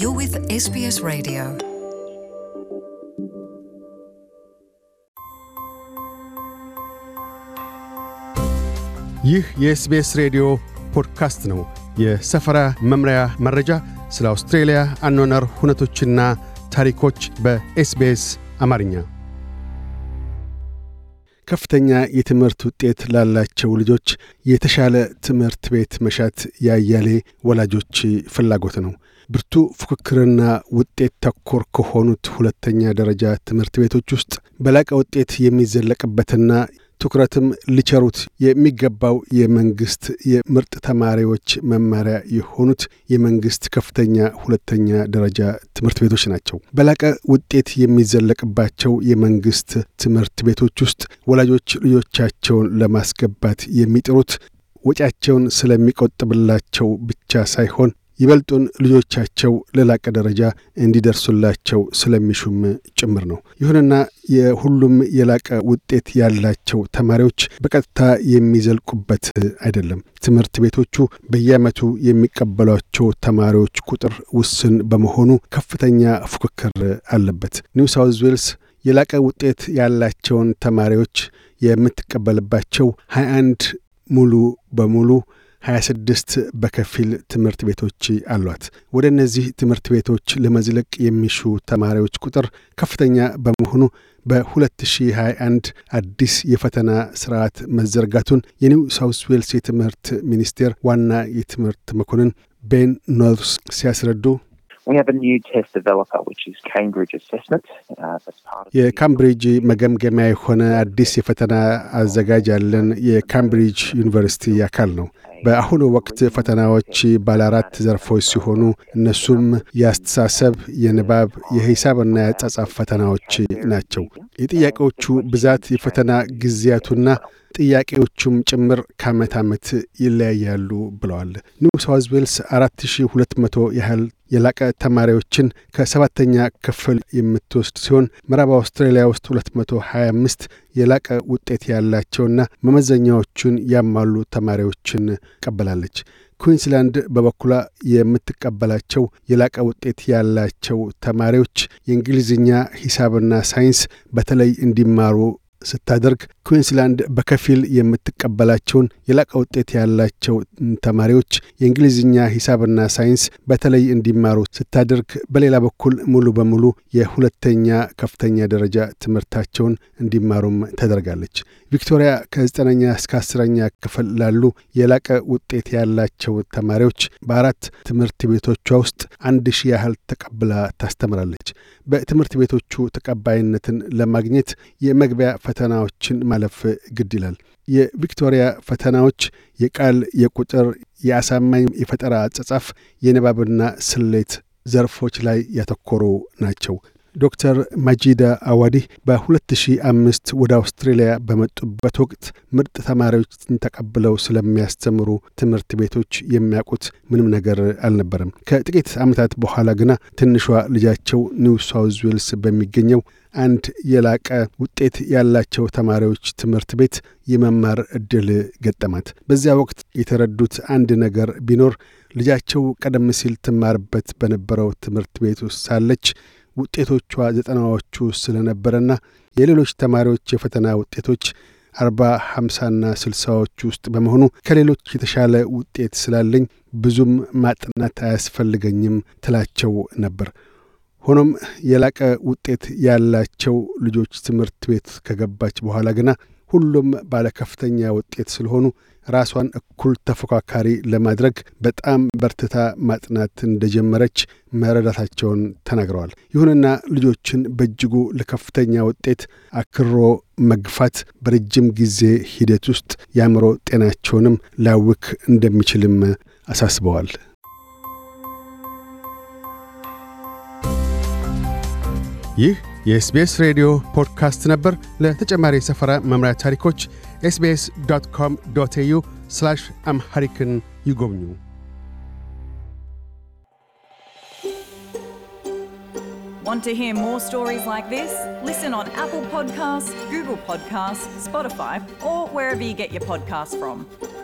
You're with SBS Radio. ይህ የኤስቢኤስ ሬዲዮ ፖድካስት ነው። የሰፈራ መምሪያ መረጃ፣ ስለ አውስትሬልያ አኗኗር ሁነቶችና ታሪኮች በኤስቢኤስ አማርኛ ከፍተኛ የትምህርት ውጤት ላላቸው ልጆች የተሻለ ትምህርት ቤት መሻት ያያሌ ወላጆች ፍላጎት ነው። ብርቱ ፉክክርና ውጤት ተኮር ከሆኑት ሁለተኛ ደረጃ ትምህርት ቤቶች ውስጥ በላቀ ውጤት የሚዘለቅበትና ትኩረትም ሊቸሩት የሚገባው የመንግስት የምርጥ ተማሪዎች መመሪያ የሆኑት የመንግስት ከፍተኛ ሁለተኛ ደረጃ ትምህርት ቤቶች ናቸው። በላቀ ውጤት የሚዘለቅባቸው የመንግስት ትምህርት ቤቶች ውስጥ ወላጆች ልጆቻቸውን ለማስገባት የሚጥሩት ወጪያቸውን ስለሚቆጥብላቸው ብቻ ሳይሆን ይበልጡን ልጆቻቸው ለላቀ ደረጃ እንዲደርሱላቸው ስለሚሹም ጭምር ነው። ይሁንና የሁሉም የላቀ ውጤት ያላቸው ተማሪዎች በቀጥታ የሚዘልቁበት አይደለም። ትምህርት ቤቶቹ በየዓመቱ የሚቀበሏቸው ተማሪዎች ቁጥር ውስን በመሆኑ ከፍተኛ ፉክክር አለበት። ኒው ሳውዝ ዌልስ የላቀ ውጤት ያላቸውን ተማሪዎች የምትቀበልባቸው 21 ሙሉ በሙሉ 26 በከፊል ትምህርት ቤቶች አሏት። ወደ እነዚህ ትምህርት ቤቶች ለመዝለቅ የሚሹ ተማሪዎች ቁጥር ከፍተኛ በመሆኑ በ2021 አዲስ የፈተና ስርዓት መዘርጋቱን የኒው ሳውስ ዌልስ የትምህርት ሚኒስቴር ዋና የትምህርት መኮንን ቤን ኖልስ ሲያስረዱ uh, የካምብሪጅ መገምገሚያ የሆነ አዲስ የፈተና አዘጋጅ ያለን የካምብሪጅ ዩኒቨርሲቲ አካል ነው። በአሁኑ ወቅት ፈተናዎች ባለ አራት ዘርፎች ሲሆኑ እነሱም የአስተሳሰብ፣ የንባብ፣ የሂሳብና የጻጻፍ ፈተናዎች ናቸው። የጥያቄዎቹ ብዛት፣ የፈተና ጊዜያቱና ጥያቄዎቹም ጭምር ከዓመት ዓመት ይለያያሉ ብለዋል። ኒው ሳውዝ ዌልስ መቶ ያህል የላቀ ተማሪዎችን ከሰባተኛ ክፍል የምትወስድ ሲሆን ምዕራብ አውስትራሊያ ውስጥ 225 የላቀ ውጤት ያላቸውና መመዘኛዎቹን ያማሉ ተማሪዎችን ቀበላለች። ኩዊንስላንድ በበኩሏ የምትቀበላቸው የላቀ ውጤት ያላቸው ተማሪዎች የእንግሊዝኛ፣ ሂሳብና ሳይንስ በተለይ እንዲማሩ ስታደርግ ኩዊንስላንድ በከፊል የምትቀበላቸውን የላቀ ውጤት ያላቸው ተማሪዎች የእንግሊዝኛ ሂሳብና ሳይንስ በተለይ እንዲማሩ ስታደርግ፣ በሌላ በኩል ሙሉ በሙሉ የሁለተኛ ከፍተኛ ደረጃ ትምህርታቸውን እንዲማሩም ተደርጋለች። ቪክቶሪያ ከዘጠነኛ እስከ አስረኛ ክፍል ላሉ የላቀ ውጤት ያላቸው ተማሪዎች በአራት ትምህርት ቤቶቿ ውስጥ አንድ ሺህ ያህል ተቀብላ ታስተምራለች። በትምህርት ቤቶቹ ተቀባይነትን ለማግኘት የመግቢያ ፈተናዎችን ማለፍ ግድ ይላል። የቪክቶሪያ ፈተናዎች የቃል፣ የቁጥር፣ የአሳማኝ የፈጠራ አጸጻፍ፣ የንባብና ስሌት ዘርፎች ላይ ያተኮሩ ናቸው። ዶክተር ማጂዳ አዋዲ በ2005 ወደ አውስትሬልያ በመጡበት ወቅት ምርጥ ተማሪዎችን ተቀብለው ስለሚያስተምሩ ትምህርት ቤቶች የሚያውቁት ምንም ነገር አልነበረም። ከጥቂት ዓመታት በኋላ ግና ትንሿ ልጃቸው ኒው ሳውዝ ዌልስ በሚገኘው አንድ የላቀ ውጤት ያላቸው ተማሪዎች ትምህርት ቤት የመማር እድል ገጠማት። በዚያ ወቅት የተረዱት አንድ ነገር ቢኖር ልጃቸው ቀደም ሲል ትማርበት በነበረው ትምህርት ቤት ውስጥ ሳለች ውጤቶቿ ዘጠናዎቹ ስለነበረና የሌሎች ተማሪዎች የፈተና ውጤቶች አርባ ሀምሳና ስልሳዎች ውስጥ በመሆኑ ከሌሎች የተሻለ ውጤት ስላለኝ ብዙም ማጥናት አያስፈልገኝም ትላቸው ነበር። ሆኖም የላቀ ውጤት ያላቸው ልጆች ትምህርት ቤት ከገባች በኋላ ግና ሁሉም ባለከፍተኛ ውጤት ስለሆኑ ራሷን እኩል ተፎካካሪ ለማድረግ በጣም በርትታ ማጥናት እንደጀመረች መረዳታቸውን ተናግረዋል። ይሁንና ልጆችን በእጅጉ ለከፍተኛ ውጤት አክሮ መግፋት በረጅም ጊዜ ሂደት ውስጥ የአእምሮ ጤናቸውንም ላውክ እንደሚችልም አሳስበዋል። ይህ የኤስቤስ ሬዲዮ ፖድካስት ነበር። ለተጨማሪ የሰፈራ መምሪያ ታሪኮች ኤስቤስ ዶት ኮም ዶት ኤዩ አምሐሪክን ይጎብኙ። Want to hear more stories like this? Listen on Apple Podcasts, Google Podcasts, Spotify, or wherever you get your podcasts from.